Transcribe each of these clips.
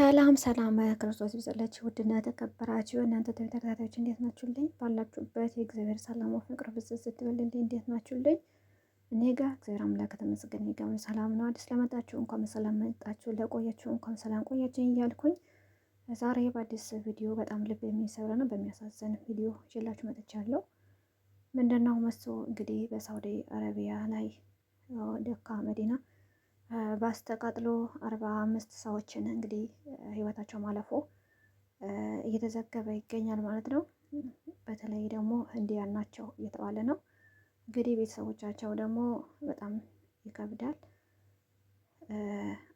ሰላም ሰላም ክርስቶስ ይብዛላችሁ። ውድና ተከበራችሁ እናንተ ተከታታዮች እንዴት ናችሁልኝ? ባላችሁበት የእግዚአብሔር ሰላም ፍቅር ብዝት ስትበልል እንዴት ናችሁልኝ? እኔ ጋር እግዚአብሔር አምላክ ተመስገን ይገም ሰላም ነው። አዲስ ለመጣችሁ እንኳን ሰላም መጣችሁ፣ ለቆያችሁ እንኳን ሰላም ቆያችን እያልኩኝ ዛሬ በአዲስ ቪዲዮ በጣም ልብ የሚሰብር ነው በሚያሳዝን ቪዲዮ ይዤላችሁ መጥቻለሁ። ምንድነው መስ እንግዲህ በሳውዲ አረቢያ ላይ ደካ መዲና ባስ ተቃጥሎ አርባ አምስት ሰዎችን እንግዲህ ህይወታቸው ማለፉ እየተዘገበ ይገኛል ማለት ነው። በተለይ ደግሞ ህንዲያን ናቸው እየተባለ ነው። እንግዲህ ቤተሰቦቻቸው ደግሞ በጣም ይከብዳል።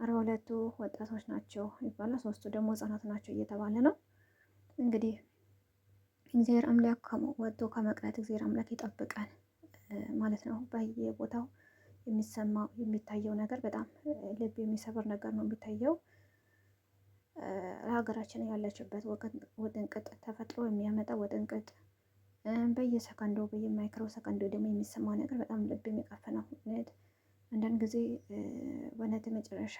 አርባ ሁለቱ ወጣቶች ናቸው ይባላል ሶስቱ ደግሞ ህጻናት ናቸው እየተባለ ነው። እንግዲህ እግዚአብሔር አምላክ ወጥቶ ከመቅረት እግዚአብሔር አምላክ ይጠብቃል ማለት ነው። በየቦታው የሚሰማው የሚታየው ነገር በጣም ልብ የሚሰብር ነገር ነው የሚታየው። ሀገራችን ያለችበት ውጥንቅጥ ተፈጥሮ የሚያመጣ ውጥንቅጥ በየሰከንዶ በየማይክሮ ሰከንዶ ደግሞ የሚሰማው ነገር በጣም ልብ የሚቀፍ ነው። እውነት አንዳንድ ጊዜ በእውነት መጨረሻ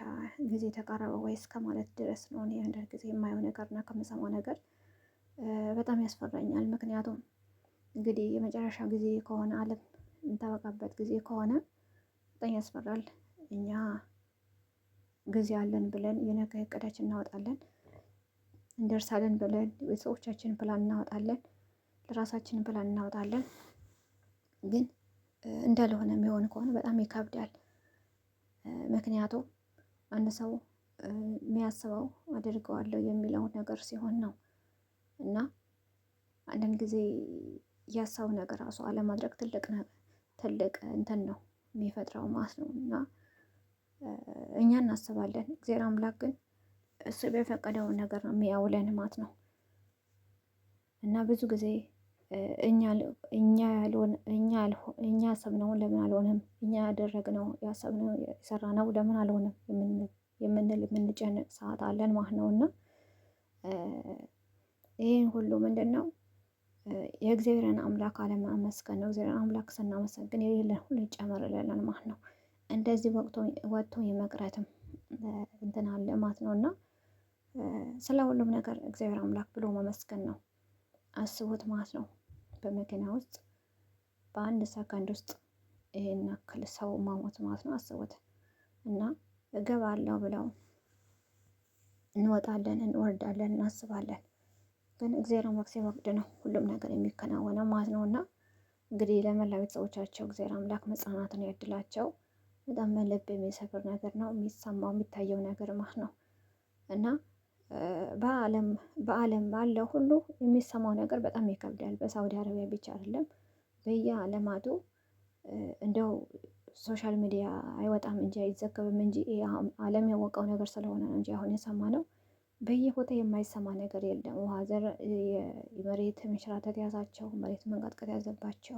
ጊዜ ተቃረበ ወይ እስከ ማለት ድረስ ነው። እኔ አንዳንድ ጊዜ የማየው እና ከምሰማው ነገር በጣም ያስፈራኛል። ምክንያቱም እንግዲህ የመጨረሻ ጊዜ ከሆነ ዓለም የምታበቃበት ጊዜ ከሆነ በጣም ያስፈራል። እኛ ጊዜ አለን ብለን የነገ እቅዳችን እናወጣለን፣ እንደርሳለን ብለን ቤተሰቦቻችን ፕላን እናወጣለን፣ ለራሳችን ፕላን እናወጣለን። ግን እንዳልሆነ የሚሆን ከሆነ በጣም ይከብዳል። ምክንያቱም አንድ ሰው የሚያስበው አድርገዋለሁ የሚለው ነገር ሲሆን ነው እና አንዳንድ ጊዜ ያሳው ነገር ራሱ አለማድረግ ትልቅ ትልቅ እንትን ነው የሚፈጥረው ማለት ነው። እና እኛ እናስባለን፣ እግዚአብሔር አምላክ ግን እሱ በፈቀደውን ነገር ነው የሚያውለን ማለት ነው። እና ብዙ ጊዜ እኛ ያሰብነውን ለምን አልሆነም፣ እኛ ያደረግነው ያሰብነው የሰራነው ለምን አልሆነም የምንል የምንጨንቅ ሰዓት አለን ማለት ነው። እና ይህን ሁሉ ምንድን ነው የእግዚአብሔርን አምላክ አለማመስገን ነው። እግዚአብሔር አምላክ ስናመሰግን የሌለን ሁሉ ይጨመርልናል ማለት ነው። እንደዚህ ወጥቶ የመቅረትም እንትን አለ ማለት ነው እና ስለ ሁሉም ነገር እግዚአብሔር አምላክ ብሎ መመስገን ነው። አስቡት ማለት ነው። በመኪና ውስጥ በአንድ ሰከንድ ውስጥ ይህን ያክል ሰው ማሞት ማለት ነው። አስቡት እና እገባለሁ ብለው እንወጣለን፣ እንወርዳለን፣ እናስባለን ግን እግዚአብሔር አምላክ ሲፈቅድ ነው ሁሉም ነገር የሚከናወነው ማለት ነው። እና እንግዲህ ለመላ ቤተሰቦቻቸው እግዚአብሔር አምላክ መጽናናትን ያድላቸው። በጣም ልብ የሚሰብር ነገር ነው የሚሰማው የሚታየው ነገር ማለት ነው እና በዓለም በዓለም ባለው ሁሉ የሚሰማው ነገር በጣም ይከብዳል። በሳውዲ አረቢያ ብቻ አይደለም በየዓለማቱ እንደው ሶሻል ሚዲያ አይወጣም እንጂ አይዘገብም እንጂ ዓለም ያወቀው ነገር ስለሆነ ነው እንጂ አሁን የሰማ ነው። በየቦታ የማይሰማ ነገር የለም። ውሃ ዘር የመሬት መንሸራተት ያዛቸው፣ መሬት መንቀጥቀጥ ያዘባቸው፣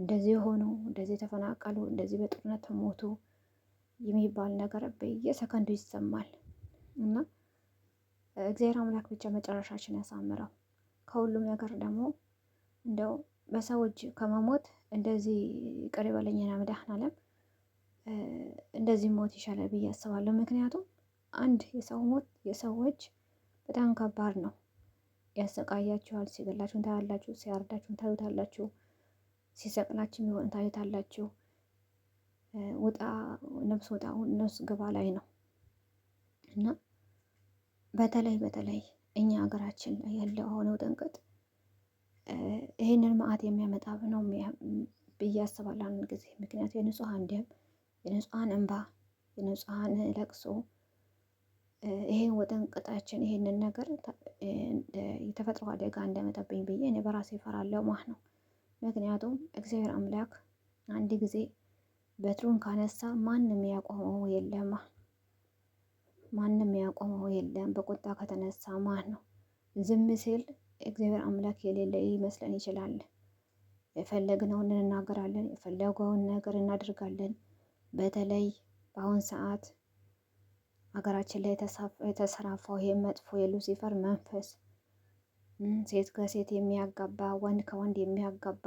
እንደዚህ የሆኑ እንደዚህ የተፈናቀሉ፣ እንደዚህ በጦርነት ሞቱ የሚባል ነገር በየሰከንዱ ይሰማል። እና እግዚአብሔር አምላክ ብቻ መጨረሻችን ያሳምረው። ከሁሉም ነገር ደግሞ እንደው በሰዎች ከመሞት እንደዚህ ይቅር ይበለኝና መድኃኔዓለም እንደዚህ ሞት ይሻላል ብዬ አስባለሁ። ምክንያቱም አንድ የሰው ሞት የሰዎች በጣም ከባድ ነው። ያሰቃያችኋል። ሲገላችሁን ታያላችሁ። ሲያርዳችሁ ታዩታላችሁ። ሲሰቅላችሁ የሆነ ታዩታላችሁ። ውጣ ነፍስ ውጣ ነፍስ ግባ ላይ ነው እና በተለይ በተለይ እኛ ሀገራችን ላይ ያለው አሁነው ጥንቅጥ ይህንን መዓት የሚያመጣ ነው ብዬ አስባለሁ አንድ ጊዜ ምክንያቱ የንጹሐን ደም የንጹሐን እንባ የንጹሐን ለቅሶ ይሄን ወጠንቅጣችን ይሄንን ነገር የተፈጥሮ አደጋ እንደመጠብኝ ብዬ እኔ በራሴ እፈራለሁ ማለት ነው። ምክንያቱም እግዚአብሔር አምላክ አንድ ጊዜ በትሩን ካነሳ ማንም ያቆመው የለማ ማንም ያቆመው የለም በቁጣ ከተነሳ ማለት ነው። ዝም ሲል እግዚአብሔር አምላክ የሌለ ሊመስለን ይችላል። የፈለግነውን እንናገራለን የፈለገውን ነገር እናደርጋለን። በተለይ በአሁን ሰዓት ሀገራችን ላይ የተሰራፋው ይሄ መጥፎ የሉሲፈር መንፈስ ሴት ከሴት የሚያጋባ ወንድ ከወንድ የሚያጋባ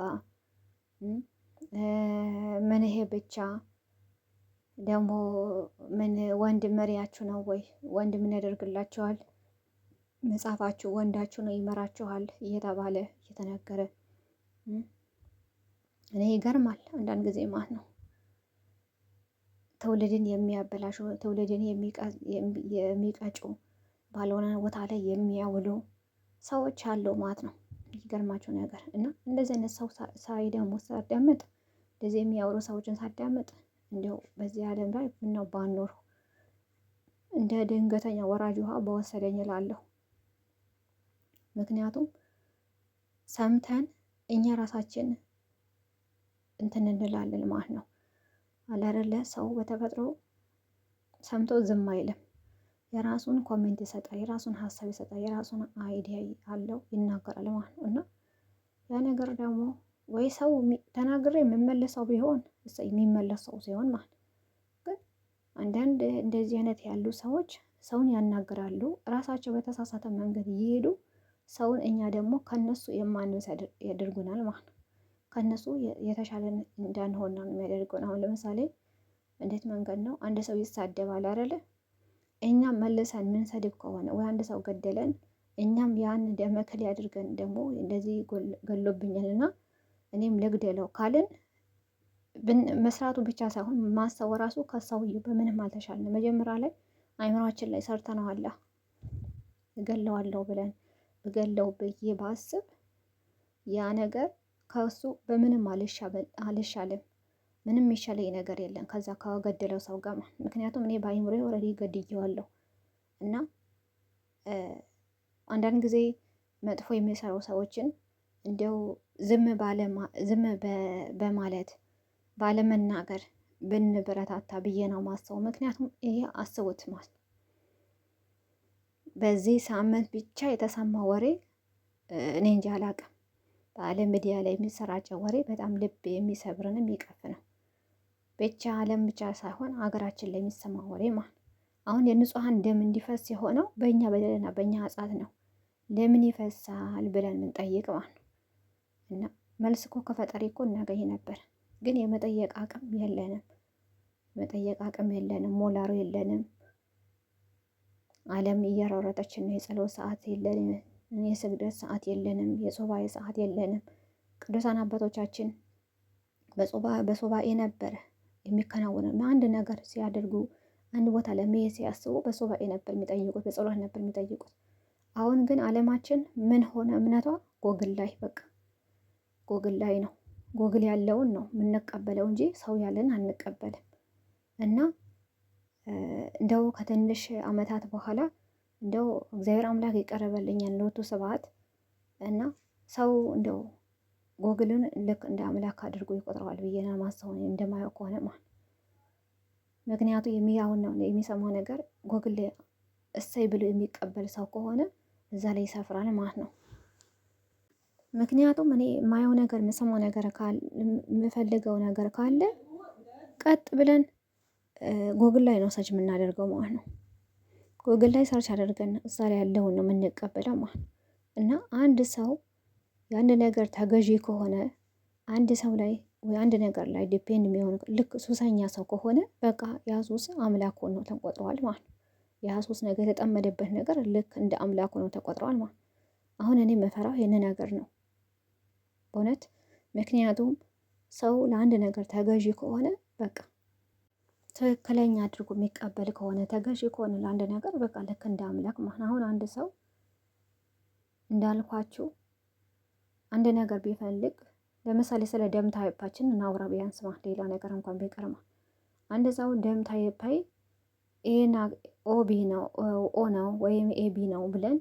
ምን ይሄ ብቻ ደግሞ ምን ወንድ መሪያችሁ ነው ወይ? ወንድ ምን ያደርግላችኋል? መጽሐፋችሁ ወንዳችሁ ነው ይመራችኋል እየተባለ እየተነገረ እኔ ይገርማል አንዳንድ ጊዜ ማለት ነው። ትውልድን የሚያበላሹ ትውልድን የሚቀጩ ባልሆነ ቦታ ላይ የሚያውሉ ሰዎች አለው ማለት ነው። የሚገርማቸው ነገር እና እንደዚህ አይነት ሰው ሳይ ደግሞ ሳዳምጥ እንደዚህ የሚያወሩ ሰዎችን ሳዳምጥ እንዲያው በዚህ ዓለም ላይ ምነው ባኖር እንደ ድንገተኛ ወራጅ ውሃ በወሰደኝ እላለሁ። ምክንያቱም ሰምተን እኛ ራሳችን እንትን እንላለን ማለት ነው አለረለ ሰው በተፈጥሮ ሰምቶ ዝም አይልም። የራሱን ኮሜንት ይሰጣል፣ የራሱን ሀሳብ ይሰጣል፣ የራሱን አይዲያ አለው ይናገራል ማለት ነው። እና ያ ነገር ደግሞ ወይ ሰው ተናግሬ የምመለሰው ቢሆን የሚመለሰው ሲሆን ማለት ግን አንዳንድ እንደዚህ አይነት ያሉ ሰዎች ሰውን ያናግራሉ። ራሳቸው በተሳሳተ መንገድ እየሄዱ ሰውን እኛ ደግሞ ከነሱ የማንስ ያደርጉናል ማለት ነው። ከነሱ የተሻለ እንዳንሆን ነው የሚያደርገን። አሁን ለምሳሌ እንዴት መንገድ ነው አንድ ሰው ይሳደባል አይደለ? እኛም መልሰን ምንሰድብ ከሆነ ወይ አንድ ሰው ገደለን እኛም ያን ደመከል ያድርገን ደግሞ እንደዚህ ገሎብኛልና እኔም ልግደለው ካልን መስራቱ ብቻ ሳይሆን ማሰው ራሱ ከሰውዬው በምንም አልተሻልንም። መጀመሪያ ላይ አይምሯችን ላይ ሰርተነዋላ። እገለዋለሁ ብለን እገለው ብዬ ባስብ ያ ነገር ከሱ በምንም አልሻልም። ምንም ይሻለኝ ነገር የለም ከዛ ከገደለው ሰው ጋር ምክንያቱም እኔ በአይምሮ ኦልሬዲ ገድየዋለሁ። እና አንዳንድ ጊዜ መጥፎ የሚሰሩ ሰዎችን እንዲያው ዝም በማለት ባለመናገር ብንበረታታ ብዬ ነው ማስበው። ምክንያቱም ይሄ አስቡት ማለት በዚህ ሳምንት ብቻ የተሰማ ወሬ እኔ እንጂ አላቅም በዓለም ሚዲያ ላይ የሚሰራጨው ወሬ በጣም ልብ የሚሰብርን የሚቀፍ ነው። ብቻ ዓለም ብቻ ሳይሆን ሀገራችን ላይ የሚሰማ ወሬ ማለት አሁን የንጹሐን ደም እንዲፈስ የሆነው በእኛ በደልና በእኛ አጻት ነው። ለምን ይፈሳል ብለን ምንጠይቅ ማለት ነው። እና መልስ እኮ ከፈጣሪ እኮ እናገኝ ነበር፣ ግን የመጠየቅ አቅም የለንም። የመጠየቅ አቅም የለንም፣ ሞላሩ የለንም። ዓለም እየሮረጠችን ነው። የጸሎት ሰዓት የለንም። የስግደት ሰዓት የለንም፣ የሶባኤ ሰዓት የለንም። ቅዱሳን አባቶቻችን በሶባኤ ነበር የሚከናወነው። አንድ ነገር ሲያደርጉ አንድ ቦታ ለመሄድ ሲያስቡ በሶባኤ ነበር የሚጠይቁት፣ በጸሎት ነበር የሚጠይቁት። አሁን ግን ዓለማችን ምን ሆነ? እምነቷ ጎግል ላይ በቃ ጎግል ላይ ነው። ጎግል ያለውን ነው የምንቀበለው እንጂ ሰው ያለን አንቀበልም። እና እንደው ከትንሽ ዓመታት በኋላ እንደው እግዚአብሔር አምላክ የቀረበልኛን ሎቱ ስብሐት እና ሰው እንደው ጎግልን ልክ እንደ አምላክ አድርጎ ይቆጥረዋል ብዬ ነው የማስበው፣ እንደማየው ከሆነ ማለት ምክንያቱ የሚያውን ነው የሚሰማው ነገር ጎግል እሰይ ብሎ የሚቀበል ሰው ከሆነ እዛ ላይ ይሰፍራል ማለት ነው። ምክንያቱም እኔ የማየው ነገር የምሰማው ነገር ካለ የምፈልገው ነገር ካለ ቀጥ ብለን ጎግል ላይ ነው ሰርች የምናደርገው ማለት ነው። ጉግል ላይ ሰርች አድርገን እዛ ላይ ያለውን ነው የምንቀበለው ማለት እና አንድ ሰው የአንድ ነገር ተገዢ ከሆነ አንድ ሰው ላይ ወይ አንድ ነገር ላይ ዲፔንድ የሚሆን ልክ ሱሰኛ ሰው ከሆነ በቃ ያ ሱስ አምላክ ሆኖ ተቆጥረዋል ማለት ነው። ያ ሱስ ነገር የተጠመደበት ነገር ልክ እንደ አምላክ ሆኖ ተቆጥረዋል ማለት ነው። አሁን እኔ የምፈራው ይህን ነገር ነው በእውነት ምክንያቱም ሰው ለአንድ ነገር ተገዢ ከሆነ በቃ ትክክለኛ አድርጎ የሚቀበል ከሆነ ተገዢ ከሆነ ለአንድ ነገር በቃ ልክ እንደ አምላክ ማን አሁን አንድ ሰው እንዳልኳችሁ አንድ ነገር ቢፈልግ ለምሳሌ ስለ ደም ታይፓችን እናውራ ቢያንስ ማለት ሌላ ነገር እንኳን ቢቀርማ አንድ ሰው ደም ታይፓይ ኤና ኦቢ ነው ኦ ነው ወይም ኤቢ ነው ብለን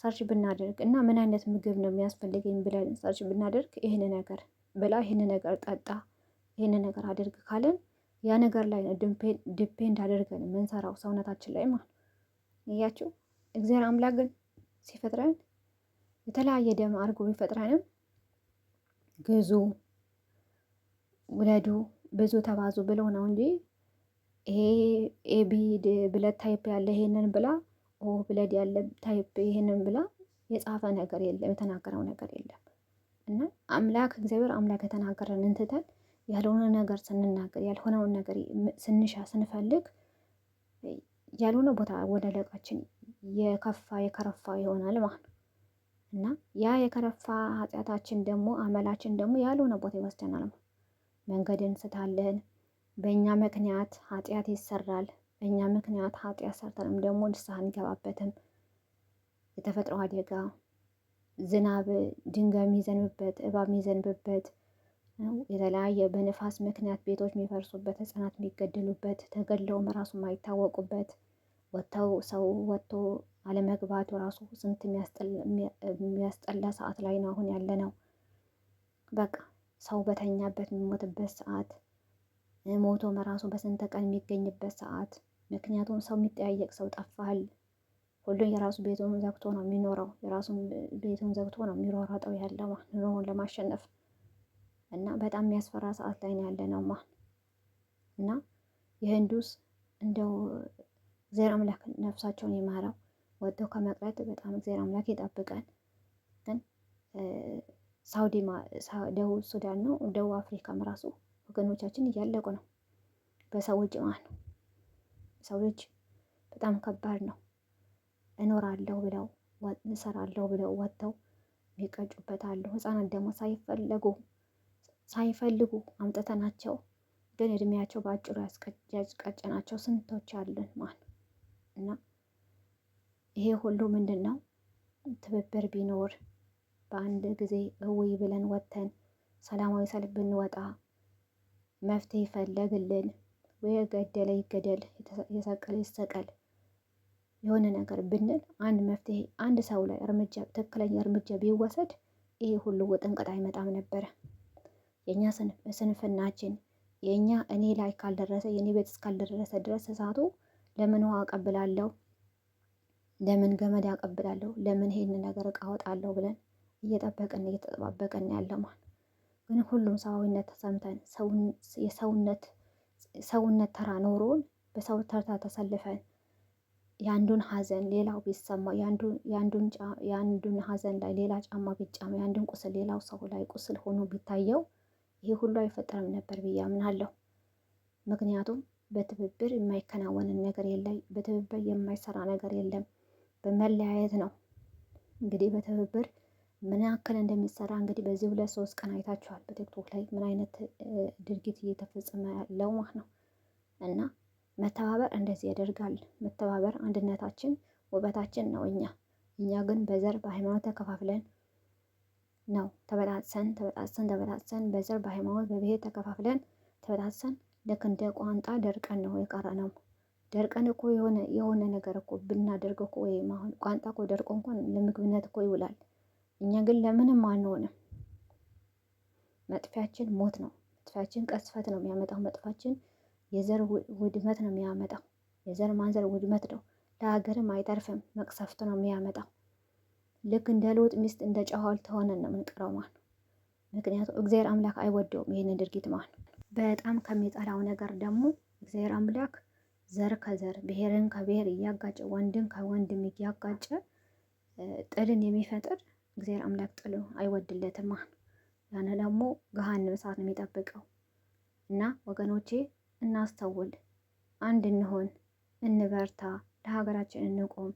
ሰርች ብናደርግ እና ምን አይነት ምግብ ነው የሚያስፈልገኝ ብለን ሰርች ብናደርግ ይህን ነገር ብላ፣ ይህን ነገር ጠጣ፣ ይህን ነገር አድርግ ካለን ያ ነገር ላይ ዲፔንድ አድርገን የምንሰራው ሰውነታችን ላይ ማለት ነው። እያችሁ እግዚአብሔር አምላክ ግን ሲፈጥረን የተለያየ ደም አድርጎ ቢፈጥረንም ግዙ፣ ውለዱ፣ ብዙ ተባዙ ብሎ ነው እንጂ ይሄ ኤቢ ብለድ ታይፕ ያለ ይሄንን ብላ ኦ ብለድ ያለ ታይፕ ይሄንን ብላ የጻፈ ነገር የለም፣ የተናገረው ነገር የለም። እና አምላክ እግዚአብሔር አምላክ የተናገረን እንትተን ያልሆነ ነገር ስንናገር ያልሆነውን ነገር ስንሻ ስንፈልግ ያልሆነ ቦታ ወደ ለቃችን የከፋ የከረፋ ይሆናል ማለት ነው። እና ያ የከረፋ ኃጢአታችን ደግሞ አመላችን ደግሞ ያልሆነ ቦታ ይወስደናል ማለት መንገድ እንስታለን። በእኛ ምክንያት ኃጢአት ይሰራል። በእኛ ምክንያት ኃጢአት ሰርተንም ደግሞ ንስሐ እንገባበትም የተፈጥሮ አደጋ ዝናብ ድንጋይ የሚዘንብበት እባብ የሚዘንብበት የተለያየ በንፋስ ምክንያት ቤቶች የሚፈርሱበት ህጻናት የሚገደሉበት ተገድለውም ራሱ የማይታወቁበት ወጥተው ሰው ወጥቶ አለመግባቱ ራሱ ስንት የሚያስጠላ ሰዓት ላይ ነው አሁን ያለ ነው። በቃ ሰው በተኛበት የሚሞትበት ሰዓት ሞቶም ራሱ በስንት ቀን የሚገኝበት ሰዓት። ምክንያቱም ሰው የሚጠያየቅ ሰው ጠፋል። ሁሉም የራሱ ቤቱን ዘግቶ ነው የሚኖረው የራሱን ቤቱን ዘግቶ ነው የሚሯሯጠው ያለው ኑሮውን ለማሸነፍ እና በጣም የሚያስፈራ ሰዓት ላይ ነው ያለ ነው ማ እና የህንዱስ እንደው እግዜር አምላክ ነፍሳቸውን ይማረው ወጥተው ከመቅረት በጣም እግዜር አምላክ ይጠብቀን። ግን ሳውዲ ደቡብ ሱዳን ነው ደቡብ አፍሪካም ራሱ ወገኖቻችን እያለቁ ነው በሰዎች ማ ነው ሰው ልጅ በጣም ከባድ ነው። እኖራለሁ ብለው እሰራለሁ ብለው ወጥተው ይቀጩበታሉ። ህጻናት ደግሞ ሳይፈለጉ ሳይፈልጉ አምጥተናቸው ግን እድሜያቸው በአጭሩ ያስቀጨናቸው ስንቶች አለን ማለት እና ይሄ ሁሉ ምንድን ነው? ትብብር ቢኖር በአንድ ጊዜ እውይ ብለን ወጥተን ሰላማዊ ሰልፍ ብንወጣ መፍትሄ ይፈለግልን። የገደለ ይገደል፣ የሰቀለ ይሰቀል፣ የሆነ ነገር ብንል አንድ መፍትሄ አንድ ሰው ላይ እርምጃ ትክክለኛ እርምጃ ቢወሰድ ይሄ ሁሉ ውጥንቅጥ አይመጣም ነበረ። የእኛ ስንፍናችን የእኛ እኔ ላይ ካልደረሰ የእኔ ቤት እስካልደረሰ ድረስ እሳቱ ለምን ውሃ አቀብላለሁ፣ ለምን ገመድ አቀብላለሁ፣ ለምን ይሄን ነገር እቃ አወጣለሁ ብለን እየጠበቅን እየተጠባበቅን ያለ ግን ሁሉም ሰዋዊነት ተሰምተን የሰውነት ሰውነት ተራ ኖሮን በሰው ተርታ ተሰልፈን የአንዱን ሀዘን ሌላው ቢሰማ የአንዱን ሀዘን ላይ ሌላ ጫማ ቢጫማ የአንዱን ቁስል ሌላው ሰው ላይ ቁስል ሆኖ ቢታየው ይሄ ሁሉ አይፈጠርም ነበር ብዬ አምናለሁ። ምክንያቱም በትብብር የማይከናወንን ነገር የለም፣ በትብብር የማይሰራ ነገር የለም። በመለያየት ነው እንግዲህ በትብብር ምን ያክል እንደሚሰራ እንግዲህ በዚህ ሁለት ሶስት ቀን አይታችኋል። በቲክቶክ ላይ ምን አይነት ድርጊት እየተፈጸመ ያለው ማለት ነው። እና መተባበር እንደዚህ ያደርጋል። መተባበር አንድነታችን ውበታችን ነው። እኛ እኛ ግን በዘር በሃይማኖት ተከፋፍለን ነው። ተበጣጥሰን ተበጣጥሰን ተበጣጥሰን በዘር በሃይማኖት በብሔር ተከፋፍለን ተበጣጥሰን ልክ እንደ ቋንጣ ደርቀን ነው የቀረ ነው። ደርቀን እኮ የሆነ የሆነ ነገር እኮ ብናደርግ እኮ ወይም አሁን ቋንጣ እኮ ደርቆ እንኳን ለምግብነት እኮ ይውላል። እኛ ግን ለምንም አንሆንም። መጥፊያችን ሞት ነው። መጥፊያችን ቀስፈት ነው የሚያመጣው። መጥፋችን የዘር ውድመት ነው የሚያመጣው። የዘር ማንዘር ውድመት ነው። ለሀገርም አይተርፍም። መቅሰፍት ነው የሚያመጣው። ልክ እንደ ሎጥ ሚስት እንደ ጨዋል ተሆነ ነው የምንቀረው ማለት ነው። ምክንያቱም እግዚአብሔር አምላክ አይወደውም ይህንን ድርጊት ማለት ነው። በጣም ከሚጠላው ነገር ደግሞ እግዚአብሔር አምላክ ዘር ከዘር ብሔርን ከብሔር እያጋጨ ወንድን ከወንድም እያጋጨ ጥልን የሚፈጥር እግዚአብሔር አምላክ ጥሉ አይወድለትም ማለት ነው። ያን ደግሞ ገሃነመ እሳት ነው የሚጠብቀው። እና ወገኖቼ እናስተውል፣ አንድ እንሆን፣ እንበርታ፣ ለሀገራችን እንቆም።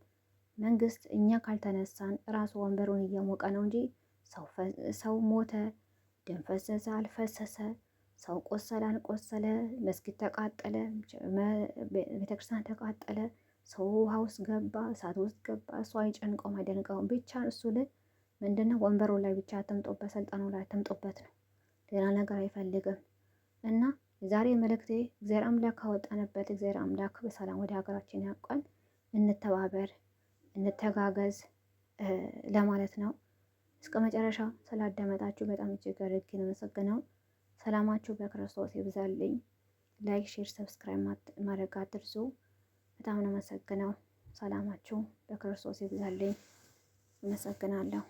መንግስት እኛ ካልተነሳን ራሱ ወንበሩን እየሞቀ ነው እንጂ ሰው ሞተ፣ ደም ፈሰሰ አልፈሰሰ፣ ሰው ቆሰለ አልቆሰለ፣ መስጊድ ተቃጠለ፣ ቤተክርስቲያን ተቃጠለ፣ ሰው ውሃ ውስጥ ገባ፣ እሳት ውስጥ ገባ፣ እሱ አይጨንቀውም፣ አይደንቀውም። ብቻ እሱ ልጅ ምንድነው ወንበሩ ላይ ብቻ አትምጦበት፣ ስልጣኑ ላይ አትምጦበት ነው። ሌላ ነገር አይፈልግም እና ዛሬ መልእክቴ እግዚአብሔር አምላክ ካወጣንበት እግዚአብሔር አምላክ በሰላም ወደ ሀገራችን ያውቃል። እንተባበር። እንተጋገዝ ለማለት ነው። እስከ መጨረሻ ስላዳመጣችሁ በጣም እጅግ አድርጌ ነው ሰላማችሁ በክርስቶስ ይብዛልኝ። ላይክ፣ ሼር፣ ሰብስክራይብ ማድረግ አትርሱ። በጣም ነው መሰግነው ሰላማችሁ በክርስቶስ ይብዛልኝ። መሰግናለሁ።